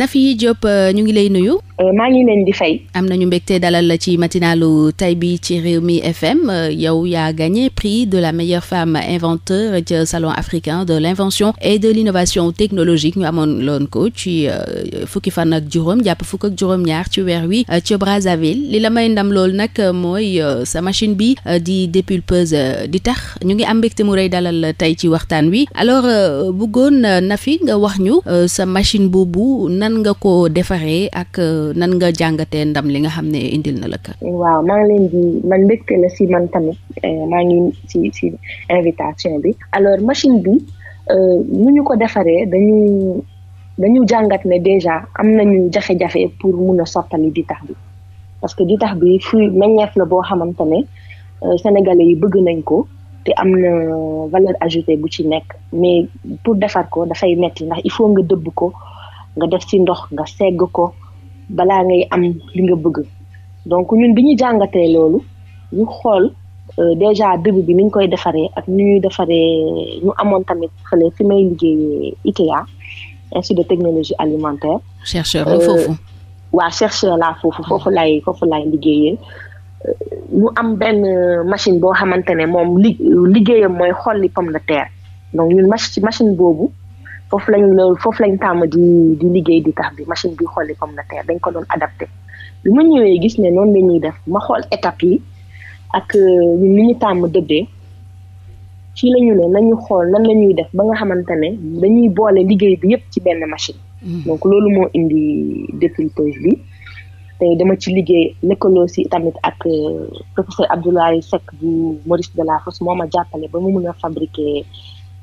Nafi Diop euh, ñu ngi lay nuyu Euh, maa ngi leen di fay. am nañu mbégte dalal la ci matinalu tay bi ci réew Rewmi FM yow yaa gagné prix de la meilleure femme inventeur ci salon africain de l'invention et de l'innovation technologique ñu amoon loon ko ci euh, fukki fan ak juróom jàpp fukk ak juróom-ñaar ci weer wi euh, ci Brazzaville li la may ndam loolu nag mooy sa machine bi di dépulpeuse di tax ñu ngi am mbégte mu rëy dalal tey ci waxtaan wi alors bëggoon na fi nga wax ñu sa machine boobu nan nga ko defaree ak. nan nga jàngatee ndam li nga xam ne indil na la ka waaw maa ngi leen di man mbégte la si man tamit eh, maa ngi si invitation bi alors machine bi euh, nu ñu ko defaree dañu dañu jàngat ne déjà am nañu jafe-jafe pour mun a soppali ditax bi parce que ditax bi fruit meññeef la boo xamante ne euh, sénégalais yi bëgg nañ ko te am na valeur ajoutée bu ci nekk mais pour defar ko dafay metti ndax il faut nga dëbb ko nga def ci ndox nga segg ko balaa ngay am li nga bëgg donc ñun bi ñu jàngatee loolu ñu xool euh, déjà début bi ni ñu koy defaree ak nu ñuy defaree ñu amoon tamit fële fi may liggéeyee ITEA institut de technologie alimentaire. chercheur euh, waa chercheur laa foofu ah. foofu laay foofu laay liggéeyee euh, ñu am benn machine boo xamante ne moom li liggéeyam mooy xolli pomme de terre donc ñun machine boobu. foofu lañ la foofu lañ tàmm di liggéey di tax bi machine bi xolli pomme de terre dañ ko doon adapté bi ma ñëwee gis ne noonu la ñuy def ma xool étape yi ak ñun euh, li ñu tàmm dëddee ci la ne nañu xool nan la ñuy def ba nga xamante ne dañuy boole liggéey bi yépp ci benn machine mm. donc loolu moo indi défileteuse bi te dama ci liggéey lëkkaloo si tamit ak euh, professeur Abdoulaye Seck bu Maurice Delafosse moo ma jàppale ba mu mën a fabriquer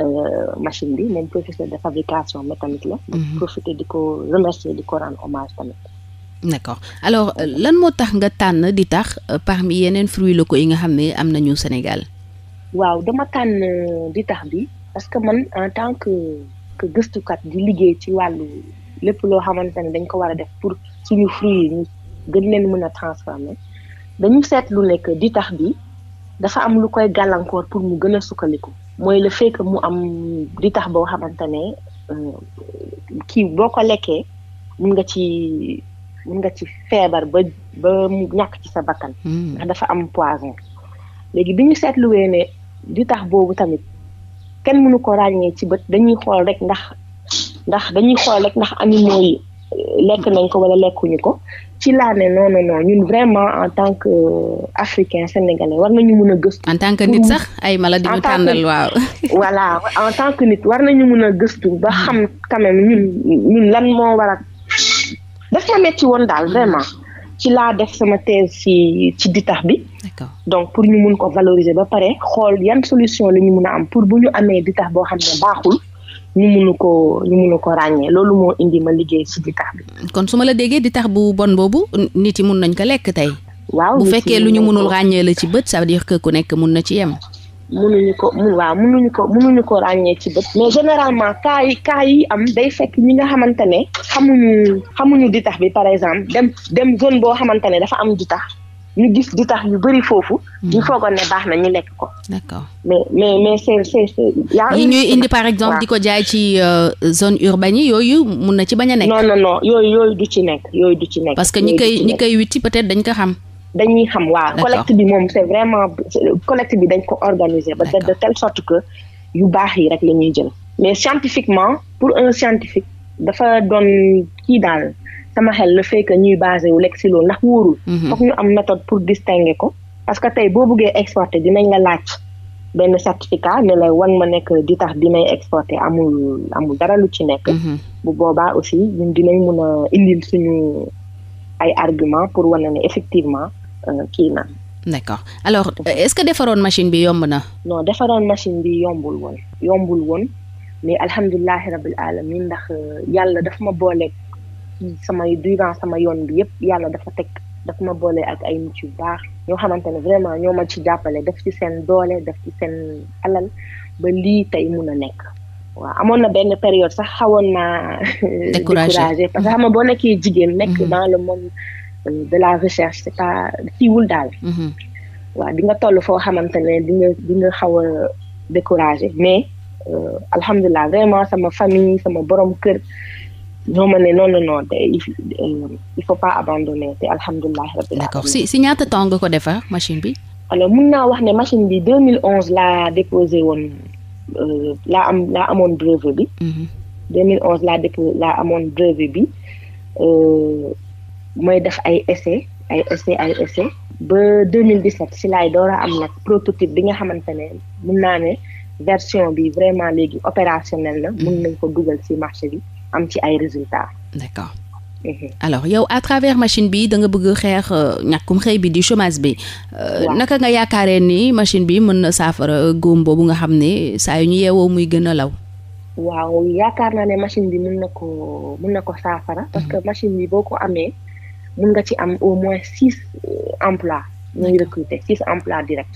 Euh, machine bi même professeur de fabrication ma tamit la. Mhm. profiter di ko remercier di ko rendre hommage tamit. d'accord alors euh, lan moo tax nga tànn di tax euh, mi yeneen fruits locaux yi nga xam ne am nañu Sénégal. waaw dama tànn di tax bi parce que man en tant que gëstukat di liggéey ci wàllu lépp loo xamante ne dañ ko war a def pour suñu fruits yi gën leen mën a transformer dañu seetlu ne que di tax bi dafa am lu koy gàllankoor pour mu gën a sukkaliku. mooy le fait mu am ritax boo xamante ne euh, kii boo ko lekkee mun nga ci mun nga ci feebar ba ba ñàkk ci sa bakkan hmm. ndax dafa am poison léegi bi ñu seetluwee ne tax boobu tamit kenn mënu ko ràññee ci bët dañuy xool rek ndax ndax dañuy xool rek ndax animaux yi lekk nañ ko wala lekkuñu ko ci laa ne non non ñun vraiment en tant que africain sénégalais war nañu mun a gëstu. en tant que nit sax ay maladie ñu tànnal waaw. voilà en tant que nit war nañu mun a gëstu ba xam quand même ñun lan moo war a daf ma metti woon daal vraiment ci laa def sama thèse ci ci ditax bi. donc pour ñu mun ko valoriser ba pare xool yan solution la ñu mun a am pour bu ñu amee ditax boo xam ne baaxul. ñu munu ko ñu mënu ko ràññee loolu moo indi ma liggéey ci ditax bi. kon su ma la déggee ditax bu bon boobu nit yi mun nañ ko lekk tey. waaw bu fekkee lu ñu mënul ràññee la ci bët sa veut dire ku nekk mun na ci yem. mënuñu ko mun waaw mënuñu ko mënuñu ko ràññee ci bët. mais généralement cas yi cas yi am day fekk ñi nga xamante ne xamuñu xamuñu ditax bi par exemple dem dem zone boo xamante ne dafa am ditax. ñu gis di tax yu bëri foofu. ñu hmm. foogoon ne baax na ñu lekk ko. d'accord mais mais mais c'est c'est yi ñuy indi par exemple di ko jaay ci euh, zone urbaine yi yooyu mun na ci bañ a nekk. non non non yooyu du ci nekk yooyu du ci nekk. parce que ñi koy ñi koy witti peut-être dañ ko xam. dañuy xam waaw collecte bi moom c'est vraiment collecte bi dañ ko organiser ba de telle sorte que yu baax yi rek la ñuy jël mais scientifiquement pour un scientifique dafa doon kii daal sama xel la fekk ñuy basé wu lekk si loolu ndax wóorul. Mhm. foog ñu am méthode pour distinguer ko. parce que tey boo buggee exporté dinañ la laaj benn certificat ne la wan ma nekk di tax bi may exporter amul amul dara lu ci nekk. Mhm. bu boobaa aussi dinañ mun a indil suñu ay argument pour na ne effectivement euh, kii na. d'accord alors est-ce que defaroon machine bi yomb na. noo defaroon machine bi yombul woon. yombul woon mais alhamdulilah rabil alamin ndax euh, yàlla daf ma booleeg ci sama durant sama yoon bi yëpp yàlla dafa teg daf ma boole ak ay nit yu baax ñoo xamante ne vraiment ñoo ma ci jàppale daf ci seen doole daf ci seen alal ba lii tey mun a nekk. waaw amoon na benn période sax xawoon naa. découragé parce que xam nga boo nekkee jigéen. nekk mm-hmm. dans le monde euh, de la recherche c'est pas siiwul daal. Mm-hmm. waaw di toll foo xamante ne di nga di nga xaw a découragé mais euh, alhamdulilah vraiment sama famille sama borom kër. ñoo ma ne non non non te eh, il faut pas abandonner te alhamdulilah rabbil d'accord si si ñaata temps nga ko defar machine bi. alors mun naa wax ne machine bi 2011 laa déposé woon euh, laa am laa amoon brevet bi. Mm -hmm. 2011 laa déposé laa amoon brevet bi euh, mooy def ay essai ay essai ay essai ba 2017 si laay door a am nag prototype bi nga xamante ne mun naa ne version bi vraiment léegi opérationnel la mhm. mun nañ ko dugal si marché bi. am ci ay résultats. d'accord mhm. alors yow à travers machine bi da nga bëgg xeex euh, ñàkkum xëy bi di chômage bi. Euh, naka nga yaakaaree ni machine bi mën na saafara euh, góom boobu nga xam ni saa yu ñu yeewoo muy gën a law. waaw yaakaar naa ne machine bi mën na ko mun na ko saafara. parce que mhm. machine bi boo ko amee mun nga ci am au moins six emplois ñuy recruter six emplois direct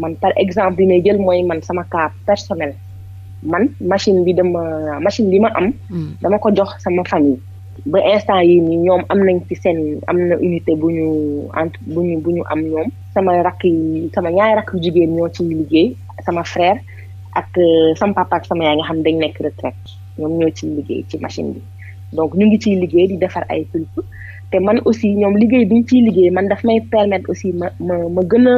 man par exemple bi may jël mooy man sama cas personnel. man machine bi dama machine bi ma am. Hmm. dama ko jox sama famille. ba instant yi nii ñoom am nañ ci seen am na unité bu ñu entre bu ñu bu ñu am ñoom. sama rakk yi sama ñaari rakk yu jigéen ñoo ci liggéey sama frère ak euh, sama papa ak sama yaay nga xam dañ nekk retraite ñoom ñoo ciy liggéey ci machine bi. donc ñu ngi ciy liggéey di defar ay pulpe te man aussi ñoom liggéey bi ciy liggéey man daf may permettre aussi ma ma ma gën a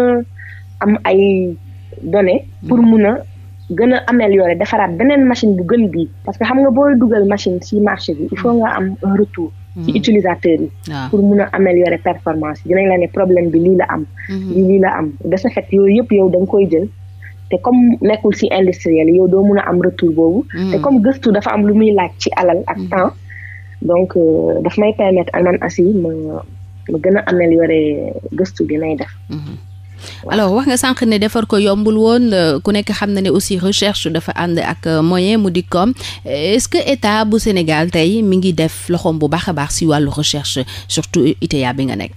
am ay données. pour mun a gën a améliorer defaraat beneen machine bu gën bii parce que xam nga booy dugal machine ci marché bi il faut nga am un retour ci hmm. utilisateur yi ah. pour mun a améliorer performance yi dinañ la ne problème bi lii la am hmm. lii lii la am de ce fait yooyu yëpp yow da koy jël te comme nekkul ci industriel yow doo mun a am retour boobu hmm. te comme gëstu dafa am lu muy laaj ci alal ak temps donc euh, daf may permettre anan assi ma ma gën a améliorer gëstu bi may def alors wax nga sànq ne defar ko yombul woon euh, ku nekk xam na ne aussi recherche dafa ànd ak euh, moyen mu di est-ce que état bu Sénégal tey mi ngi def loxoom bu baax a baax si wàllu recherche surtout ITEA bi nga nekk.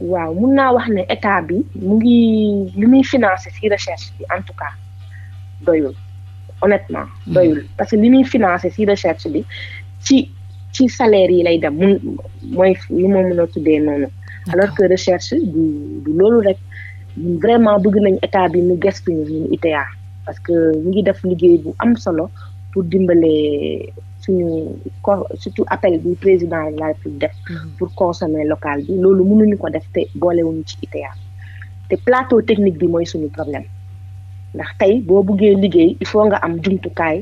waaw mun naa wax ne état bi mu ngi li muy financé ci recherche bi en tout cas doyul honnêtement hmm. doyul parce que li muy financé ci recherche bi ci ci salaire yi lay dem mun mooy li ma mën a tuddee noonu alors que recherche du loolu rek vraiment bëgg nañ état bi mu gëstu ñu ñun ITA parce que mu ngi def liggéey bu am solo pour dimbale suñu ko surtout appel bi président de la République def mhm. pour consommer local bi loolu mënuñu ko def te boolewuñu ci ITA te plateau technique bi mooy suñu problème ndax tey boo buggee liggéey il faut nga am jumtukaay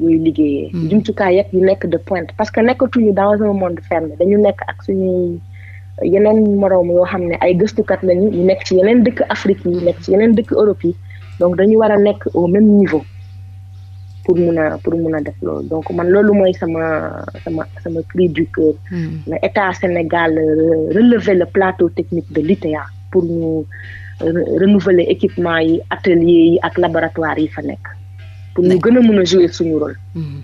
yooyu liggéeyee mhm. jumtukaay yeg yu nekk de pointe parce que nekkatuñu dans un monde fermé dañu nekk ak suñu yeneen moroom yoo xam ne ay gëstukat lañu ñu nekk ci yeneen dëkk Afrique yi nekk ci yeneen dëkk Europe yi donc dañu war a nekk au même niveau pour mun a pour mun a def loolu donc man loolu mooy sama sama sama cri du cœur. Hmm. na état Sénégal euh, relever le plateau technique de l'ITEA pour ñu euh, renouveler équipement yi atelier yi ak laboratoire yi fa nekk. pour ñu gën a mun a jouer suñu rôle. Hmm.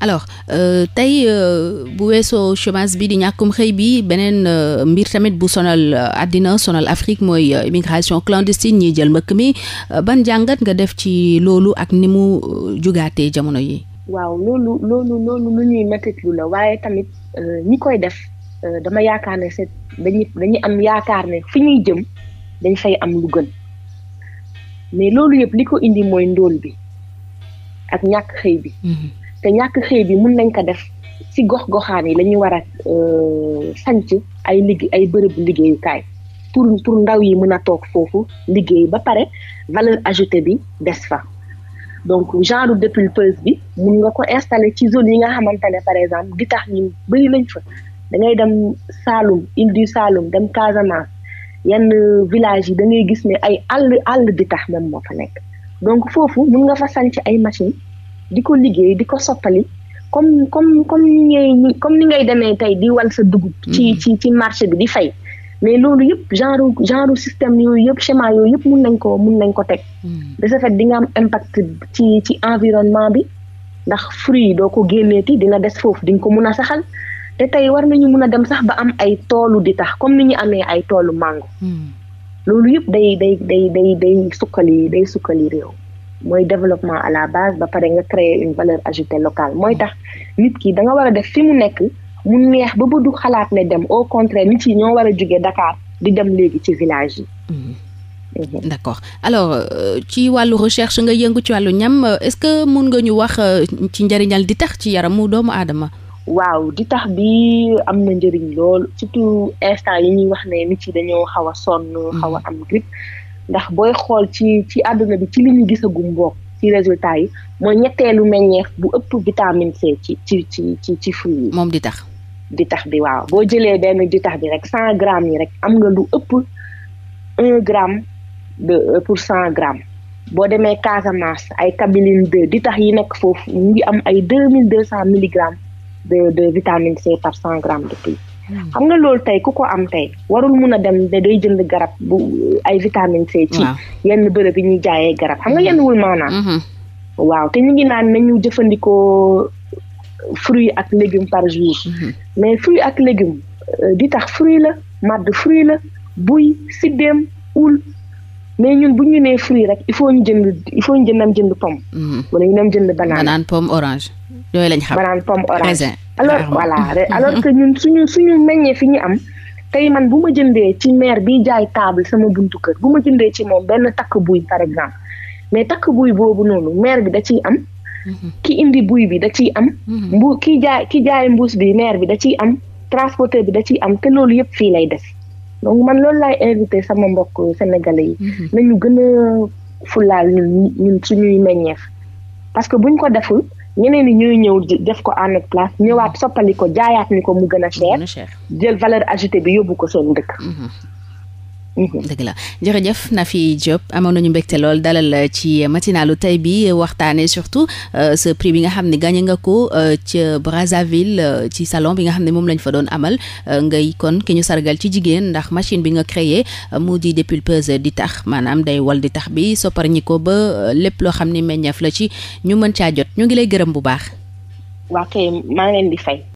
alors euh, tey euh, bu weesoo chômage bi di ñàkkum xëy bi beneen euh, mbir tamit bu sonal àddina sonal Afrique mooy immigration clandestine ñiy jël mbëkk mi ban jàngat nga def ci loolu ak ni mu jugaatee jamono yi. waaw loolu loolu lu ñuy métitlu la waaye tamit ñi koy def dama yaakaar ne c'est dañuy am yaakaar ne fi ñuy jëm dañ fay am lu gën mais loolu yëpp li ko indi mooy ndóol bi ak ñàkk xëy bi. Mhm. te ñàkk xëy bi mun nañ ko def si gox-goxaan yi la ñu war a euh, sanc ay liggéey ay bërëbu liggéeyukaay pour pour ndaw yi mën a toog foofu liggéey ba pare valeur ajoutée bi des fa donc genre dépulpeuse bi mun nga ko installer ci zone yi nga xamante ne par exemple di tax ñun bëri nañ fa da dem Saloum île du Saloum dem Casamance yenn euh, village yi da ngay gis ne ay àll àll di tax moom moo fa nekk donc foofu mun nga fa sanc ay machines di ko liggéey di ko soppali comme comme comme ni ngay comme ni ngay demee tey di wal sa dugub. ci mm-hmm. ci ci marché bi di fay. mais loolu yëpp genre genre système yooyu yëpp schéma yooyu yëpp mun nañ ko mun nañ ko teg. Mm-hmm. de ce fait di nga am impact ci ci environnement bi ndax fruit yi doo ko génneeti dina des foofu di nga ko mun a saxal te tey war nañu mun a dem sax ba am ay toolu di tax comme ni ñu amee ay toolu mango. Mm-hmm. loolu yëpp day day day day day sukkali day sukkali réew. mooy développement à la base ba pare nga créer une valeur ajoutée locale mooy tax nit ki da war a def fi mu nekk mu neex ba ba du xalaat ne dem au contraire nit yi ñoo war a jóge Dakar di dem léegi ci village yi. Mhm. Mhm. d' accord alors euh, ci wàllu recherche nga yëngu ci wàllu ñam est ce que mun nga ñu wax euh, ci njëriñal di tax ci yaramu doomu aadama. waaw di tax bi am na njëriñ lool surtout instant yi ñuy wax ne nit yi dañoo xaw a sonn. xaw a mhm. am grippe ndax booy xool ci ci àdduna bi ci li ñu gisagum bokk ci résultat yi mooy ñetteelu meññeef bu ëpp vitamine C ci ci ci ci ci fruit yi. moom di tax. di tax bi waaw boo jëlee benn di tax bi rek cent grammes yi rek am nga lu ëpp un gramme de euh, pour cent grammes boo demee Casamance ay kabiline deux di tax yi nekk foofu mu ngi am ay deux mille deux cent milligrammes de de vitamine C par cent grammes de prix. xam nga loolu tey ku ko am tey warul mun a dem da day jënd garab bu ay vitamine C. ci yenn bërëb ñuy jaayee garab xam nga mhm. yenn wul maanaam. Mhm. waaw te ñu ngi naan nañu jëfandikoo fruits ak légumes par jour. Mhm. mais fruits ak légumes euh, di tax fruit la màdd fruit la buy siddeem ul mais ñun bu ñu nee fruit rek il faut ñu jënd il faut ñu jëndam jënd pomme. wala ñu dem jënd banaan banaan pomme orange. yooyu lañ xam banaan pomme orange alors voilà alors que ñun suñu suñu meññee fi ñu am tey man bu ma jëndee ci maire bi jaay table sama buntu kër bu ma jëndee ci moom benn takk buy par exemple mais takk buy boobu noonu maire bi da ciy am mhm. ki indi buy bi da ciy am mhm. mbu ki jaay ki jaay mbuus bi maire bi da ciy am transporteur bi da ciy am te loolu yëpp fii lay def donc man loolu laay invité sama mbokk sénégalais yi mhm. nañu gën a fulaal ñun ñun ñuy meññeef parce que buñ ko deful ñeneen ñi ñuy ñëw def ko en notre place ñëwaat soppali jaayaat ni ko mu gën a cher jël valeur ajoutée bi yóbbu ko seen dëkk mhm. Mhm. dëgg la jërëjëf Nafi Diop amoon nañu mbégte lool dalal ci matinalu tey bi waxtaane surtout euh, ce prix bi nga xam ne gagné nga ko euh, ca Brazzaville euh, ci salon bi nga xam ne moom lañ fa doon amal ngay kon ki ñu sargal ci jigéen ndax machine bi nga créé mu di dépulpeuse di tax maanaam day wal di tax bi soppar ñi ko ba lépp loo xam ne meññeef la ci ñu mën caa jot ñu ngi lay gërëm bu baax. waa kay maa leen di fay.